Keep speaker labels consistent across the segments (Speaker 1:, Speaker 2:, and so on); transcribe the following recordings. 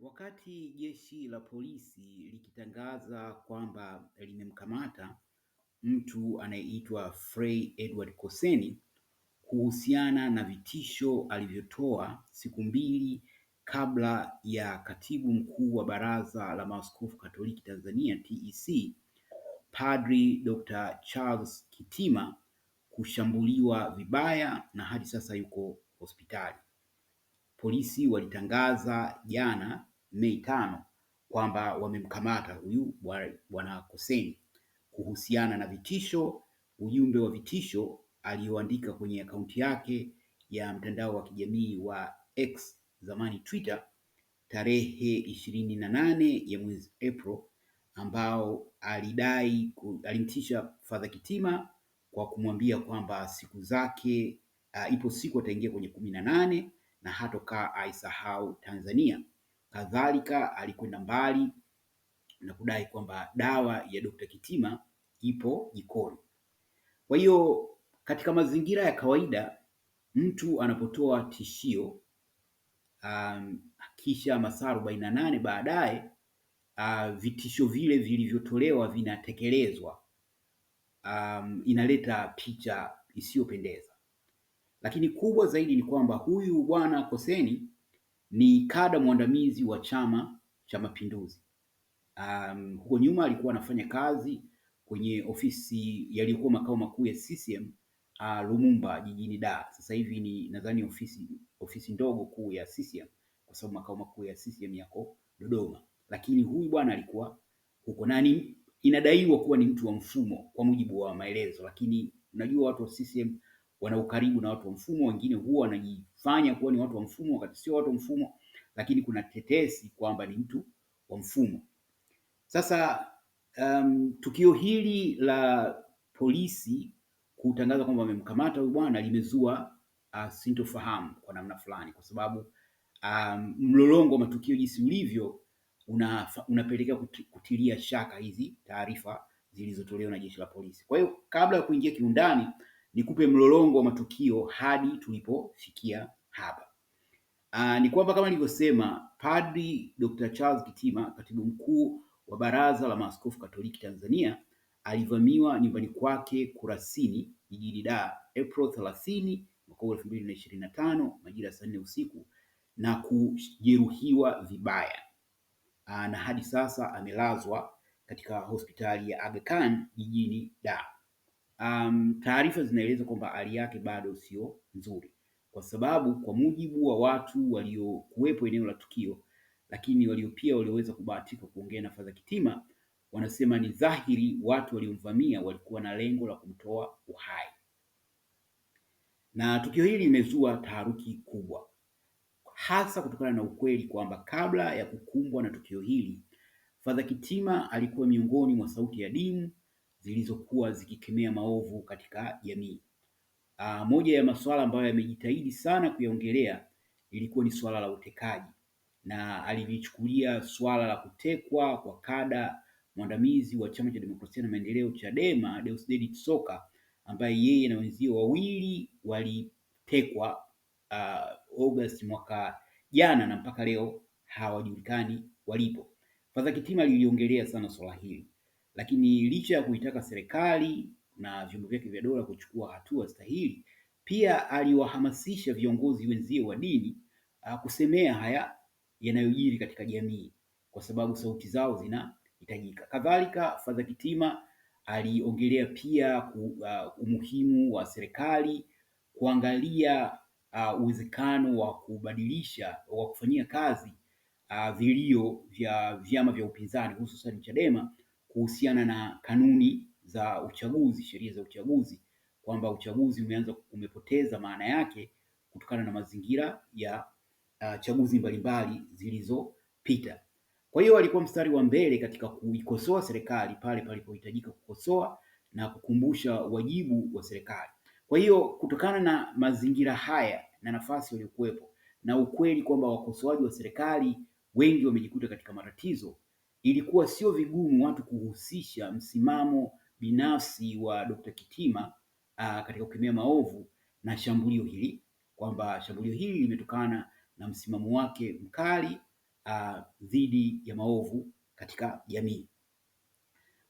Speaker 1: Wakati jeshi la polisi likitangaza kwamba limemkamata mtu anayeitwa Frey Edward koseni kuhusiana na vitisho alivyotoa siku mbili kabla ya Katibu Mkuu wa Baraza la Maaskofu Katoliki Tanzania TEC Padri Dr. Charles Kitima kushambuliwa vibaya na hadi sasa yuko hospitali. Polisi walitangaza jana Mei tano kwamba wamemkamata huyu bwana Hussein kuhusiana na vitisho, ujumbe wa vitisho aliyoandika kwenye akaunti yake ya mtandao wa kijamii wa X zamani Twitter tarehe ishirini na nane ya mwezi april ambao alidai alimtisha Fadha Kitima kwa kumwambia kwamba siku zake uh, ipo siku ataingia kwenye kumi na nane na hatokaa aisahau Tanzania. Kadhalika alikwenda mbali na kudai kwamba dawa ya Dr. Kitima ipo jikoni. Kwa hiyo katika mazingira ya kawaida mtu anapotoa tishio um, kisha masaa arobaini na nane baadaye uh, vitisho vile vilivyotolewa vinatekelezwa, um, inaleta picha isiyopendeza. Lakini kubwa zaidi ni kwamba huyu bwana Koseni ni kada mwandamizi wa Chama cha Mapinduzi. Um, huko nyuma alikuwa anafanya kazi kwenye ofisi yaliyokuwa makao makuu ya CCM uh, Lumumba jijini Dar. Sasa hivi ni nadhani ofisi ofisi ndogo kuu ya CCM kwa sababu makao makuu ya CCM yako Dodoma, lakini huyu bwana alikuwa huko nani, inadaiwa kuwa ni mtu wa mfumo kwa mujibu wa maelezo, lakini unajua watu wa CCM wana ukaribu na watu wa mfumo, wengine huwa wanajifanya kuwa ni watu wa mfumo wakati sio watu wa mfumo, lakini kuna tetesi kwamba ni mtu wa mfumo. Sasa um, tukio hili la polisi kutangaza kwamba wamemkamata huyu bwana limezua uh, sintofahamu kwa namna fulani, kwa sababu um, mlolongo wa matukio jinsi ulivyo una, unapelekea kutilia shaka hizi taarifa zilizotolewa na jeshi la polisi. Kwa hiyo kabla ya kuingia kiundani nikupe mlolongo wa matukio hadi tulipofikia hapa. Uh, ni kwamba kama nilivyosema, Padri Dr. Charles Kitima, katibu mkuu wa Baraza la Maaskofu Katoliki Tanzania, alivamiwa nyumbani kwake Kurasini jijini Dar April 30 mwaka 2025 majira saa nne usiku na kujeruhiwa vibaya Aa, ah, na hadi sasa amelazwa katika hospitali ya Aga Khan jijini Dar um, taarifa zinaeleza kwamba hali yake bado sio nzuri, kwa sababu kwa mujibu wa watu waliokuwepo eneo la tukio, lakini walio pia walioweza kubahatika kuongea na Fadha Kitima wanasema ni dhahiri watu waliomvamia walikuwa na lengo la kumtoa uhai, na tukio hili limezua taharuki kubwa, hasa kutokana na ukweli kwamba kabla ya kukumbwa na tukio hili Fadha Kitima alikuwa miongoni mwa sauti ya dini zilizokuwa zikikemea maovu katika jamii. Aa, ah, moja ya masuala ambayo yamejitahidi sana kuyaongelea ilikuwa ni suala la utekaji na alilichukulia suala la kutekwa kwa kada mwandamizi wa Chama cha Demokrasia na Maendeleo Chadema, Deusdedith Soka ambaye yeye na wenzio wawili walitekwa uh, August mwaka jana na mpaka leo hawajulikani walipo. Fadha Kitima liliongelea sana swala hili. Lakini licha ya kuitaka serikali na vyombo vyake vya dola kuchukua hatua stahili, pia aliwahamasisha viongozi wenzie wa dini ah, kusemea haya yanayojiri katika jamii, kwa sababu sauti zao zinahitajika. Kadhalika, Padri Kitima aliongelea pia ku, uh, umuhimu wa serikali kuangalia uh, uwezekano wa kubadilisha wa kufanyia kazi uh, vilio vya vyama vya upinzani hususani Chadema kuhusiana na kanuni za uchaguzi, sheria za uchaguzi kwamba uchaguzi umeanza umepoteza maana yake kutokana na mazingira ya uh, chaguzi mbalimbali zilizopita. Kwa hiyo alikuwa mstari wa mbele katika kuikosoa serikali pale palipohitajika kukosoa na kukumbusha wajibu wa serikali. Kwa hiyo kutokana na mazingira haya na nafasi waliokuwepo na ukweli kwamba wakosoaji wa serikali wengi wamejikuta katika matatizo, Ilikuwa sio vigumu watu kuhusisha msimamo binafsi wa Dr. Kitima aa, ah, katika kukemea maovu na shambulio hili, kwamba shambulio hili limetokana na msimamo wake mkali ah, dhidi ya maovu katika jamii.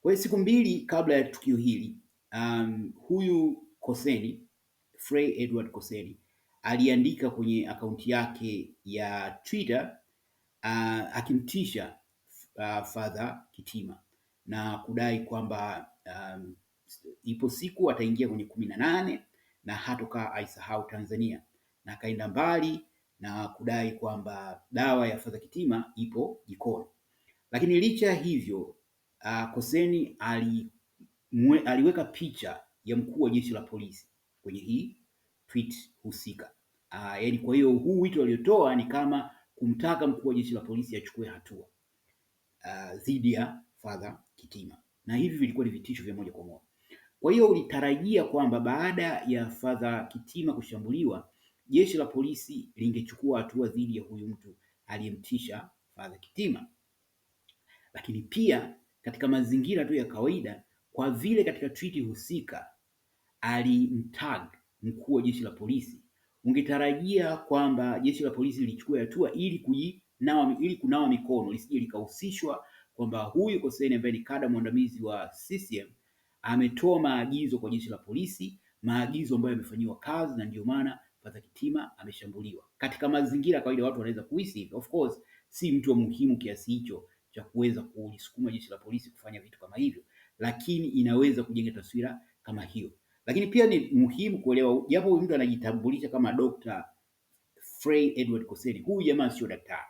Speaker 1: Kwa hiyo siku mbili kabla ya tukio hili um, huyu Koseni Frey Edward Koseni aliandika kwenye akaunti yake ya Twitter uh, akimtisha uh, Father Kitima na kudai kwamba um, ipo siku ataingia kwenye kumi na nane na hatokaa aisahau Tanzania, na akaenda mbali na kudai kwamba dawa ya Father Kitima ipo jikoni. Lakini licha hivyo uh, Koseni ali, mwe, aliweka picha ya mkuu wa jeshi la polisi kwenye hii tweet husika. Uh, yaani kwa hiyo huu wito aliotoa ni kama kumtaka mkuu wa jeshi la polisi achukue hatua. Uh, dhidi uh, ya Father Kitima, na hivi vilikuwa ni vitisho vya moja kwa moja. Kwa hiyo ulitarajia kwamba baada ya Father Kitima kushambuliwa, jeshi la polisi lingechukua hatua dhidi ya huyu mtu aliyemtisha Father Kitima, lakini pia katika mazingira tu ya kawaida, kwa vile katika twiti husika alimtag mkuu wa jeshi la polisi, ungetarajia kwamba jeshi la polisi lilichukua hatua ili kuji nawa, ili kunawa mikono lisije likahusishwa kwamba huyu Hussein ambaye ni kada mwandamizi wa CCM ametoa maagizo kwa jeshi la polisi, maagizo ambayo yamefanyiwa kazi, na ndio maana Padri Kitima ameshambuliwa. Katika mazingira kawaida watu wanaweza kuhisi hivyo. Of course si mtu wa muhimu kiasi hicho cha kuweza kulisukuma jeshi la polisi kufanya vitu kama hivyo, lakini inaweza kujenga taswira kama hiyo. Lakini pia ni muhimu kuelewa, japo huyu mtu anajitambulisha kama Dr. Frey Edward Koseni, huyu jamaa sio daktari.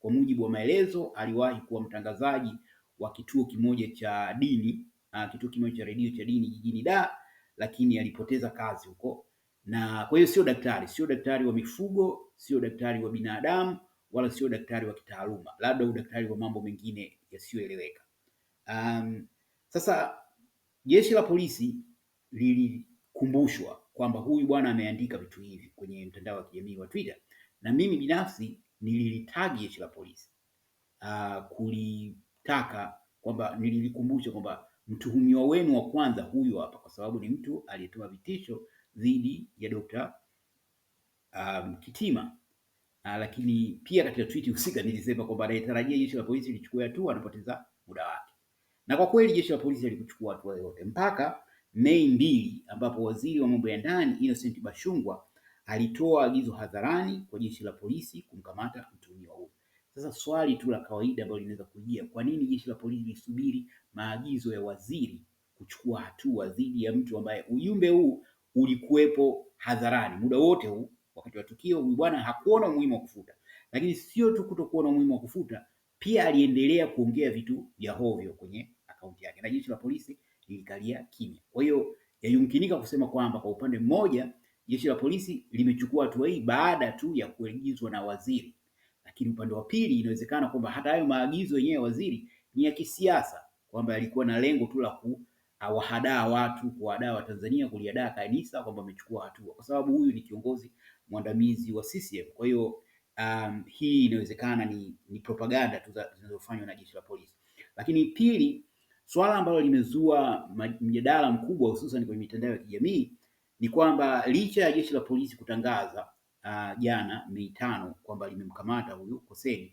Speaker 1: Kwa mujibu wa maelezo, aliwahi kuwa mtangazaji wa kituo kimoja cha dini uh, kituo kimoja cha redio cha dini jijini Dar, lakini alipoteza kazi huko, na kwa hiyo sio daktari, sio daktari wa mifugo, sio daktari wa binadamu, wala sio daktari wa kitaaluma, labda udaktari wa mambo mengine yasiyoeleweka. Um, sasa jeshi la polisi lilikumbushwa kwamba huyu bwana ameandika vitu hivi kwenye mtandao wa kijamii wa Twitter, na mimi binafsi nililitaji jeshi la polisi uh, kulitaka kwamba nililikumbusha kwamba mtuhumiwa wenu wa kwanza huyu hapa, kwa sababu ni mtu aliyetoa vitisho dhidi ya Dokta um, Kitima. Uh, lakini pia katika tweet husika nilisema kwamba anayetarajia jeshi la polisi lichukue hatua, anapoteza muda wake, na kwa kweli jeshi la polisi alikuchukua hatua yoyote mpaka Mei mbili ambapo waziri wa mambo ya ndani Innocent Bashungwa alitoa agizo hadharani kwa jeshi la polisi kumkamata mtuhumiwa huyo. Sasa swali tu la kawaida ambalo linaweza kujia, kwa nini jeshi la polisi lisubiri maagizo ya waziri kuchukua hatua dhidi ya mtu ambaye ujumbe huu ulikuwepo hadharani muda wote huu? Wakati wa tukio huyu bwana hakuona umuhimu wa kufuta, lakini sio tu kutokuona umuhimu wa kufuta, pia aliendelea kuongea vitu vya hovyo kwenye akaunti yake, na jeshi la polisi lilikalia kimya. Kwa hiyo yayumkinika kusema kwamba kwa upande mmoja Jeshi la polisi limechukua hatua hii baada tu ya kuagizwa na waziri, lakini upande wa pili inawezekana kwamba hata hayo maagizo yenyewe ya waziri ni ya kisiasa, kwamba yalikuwa na lengo tu la kuwahadaa ah, watu, kuwahadaa Watanzania, kuliadaa kanisa kwamba amechukua hatua, kwa sababu huyu ni kiongozi mwandamizi wa CCM. Kwa hiyo um, hii inawezekana ni, ni propaganda tu zinazofanywa na jeshi la polisi. Lakini pili, swala ambalo limezua mjadala mkubwa hususan kwenye mitandao ya kijamii ni kwamba licha ya jeshi la polisi kutangaza uh, jana Mei tano kwamba limemkamata huyu Hussein,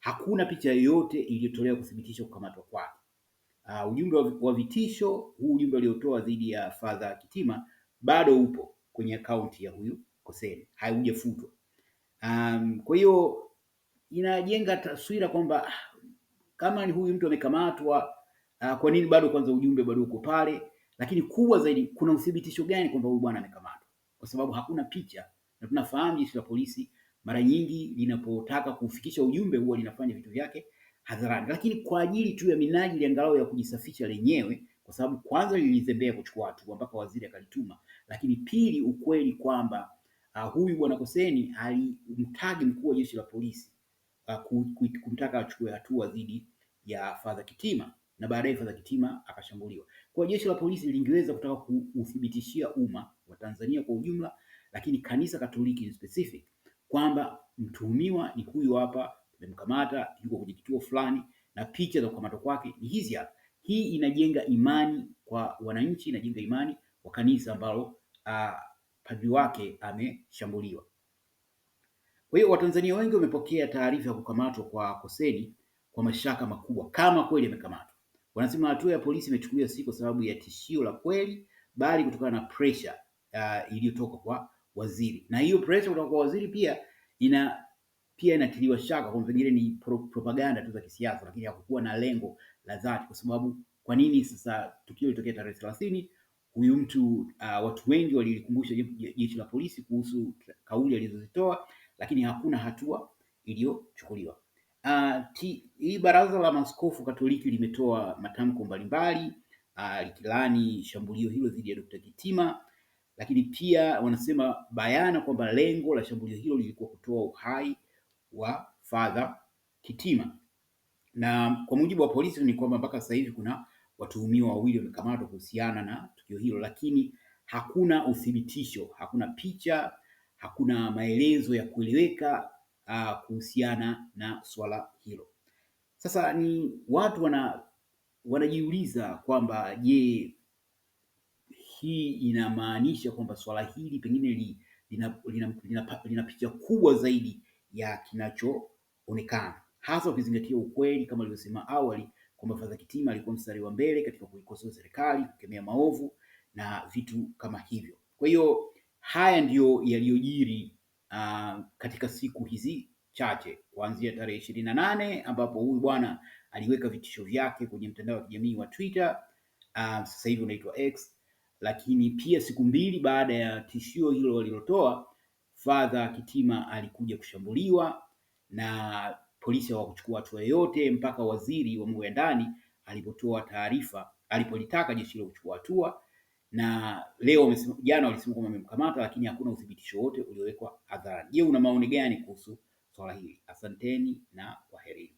Speaker 1: hakuna picha yoyote iliyotolewa kuthibitisha kukamatwa kwake. Uh, ujumbe wa vitisho huu, ujumbe aliotoa dhidi ya Father Kitima bado upo kwenye akaunti ya huyu Hussein, haujafutwa. Um, kwa hiyo inajenga taswira kwamba ah, kama ni huyu mtu amekamatwa, uh, kwa nini bado kwanza ujumbe bado uko pale? Lakini kubwa zaidi, kuna uthibitisho gani kwamba huyu bwana amekamatwa? Kwa sababu hakuna picha, na tunafahamu jeshi la polisi mara nyingi linapotaka kufikisha ujumbe huwa linafanya vitu vyake hadharani, lakini kwa ajili tu ya minajili angalau ya kujisafisha lenyewe, kwa sababu kwanza lilizembea kuchukua hatua mpaka waziri akalituma, lakini pili, ukweli kwamba uh, huyu bwana Koseni alimtagi mkuu wa jeshi la polisi uh, kumtaka achukue hatua dhidi ya Fadha Kitima na baadaye Fadha Kitima akashambuliwa. Kwa jeshi la polisi lingeweza kutaka kuuthibitishia umma wa Tanzania kwa ujumla, lakini kanisa Katoliki in specific kwamba mtuhumiwa ni huyu hapa, tumemkamata, yuko kwenye kituo fulani na picha za kukamatwa kwake ni hizi hapa. Hii inajenga imani kwa wananchi, inajenga imani kwa kanisa ambalo padri wake ameshambuliwa. Kwa hiyo Watanzania wengi wamepokea taarifa ya kukamatwa kwa Koseni kwa mashaka makubwa kama kweli amekamatwa. Wanasema hatua ya polisi imechukuliwa si kwa sababu ya tishio la kweli, bali kutokana na pressure uh, iliyotoka kwa waziri, na hiyo pressure kutoka kwa waziri pia ina pia inatiliwa shaka kwa pengine ni pro, propaganda tu za kisiasa, lakini hakukuwa na lengo la dhati, kwa sababu kwa nini sasa tukio litokea tarehe 30? Huyu mtu uh, watu wengi walilikumbusha jeshi la polisi kuhusu kauli alizozitoa, lakini hakuna hatua iliyochukuliwa. Ah, hii uh, baraza la maaskofu Katoliki limetoa matamko mbalimbali uh, shambulio hilo dhidi ya Dr. Kitima, lakini pia wanasema bayana kwamba lengo la shambulio hilo lilikuwa kutoa uhai wa Father Kitima, na kwa mujibu wa polisi ni kwamba mpaka sasa hivi kuna watuhumiwa wawili wamekamatwa kuhusiana na tukio hilo, lakini hakuna uthibitisho, hakuna picha, hakuna maelezo ya kueleweka uh, kuhusiana na swala hilo. Sasa ni watu wana wanajiuliza kwamba je, hii inamaanisha kwamba swala hili pengine li, lina, lina, lina, lina picha kubwa zaidi ya kinachoonekana, hasa ukizingatia ukweli kama alivyosema awali kwamba Fadha Kitima alikuwa mstari wa mbele katika kuikosoa serikali, kukemea maovu na vitu kama hivyo. Kwa hiyo haya ndiyo yaliyojiri uh, katika siku hizi chache kuanzia tarehe ishirini na nane ambapo huyu bwana aliweka vitisho vyake kwenye mtandao wa kijamii wa Twitter uh, sasa hivi unaitwa X, lakini pia siku mbili baada ya tishio hilo walilotoa, Father Kitima alikuja kushambuliwa na polisi hawakuchukua hatua yoyote mpaka waziri wa mambo ya ndani alipotoa taarifa, alipolitaka jeshi hilo kuchukua hatua na leo wamesema, jana walisema kwamba wamemkamata, lakini hakuna uthibitisho wote uliowekwa hadharani. Je, una maoni gani kuhusu swala hili? Asanteni na kwaherini.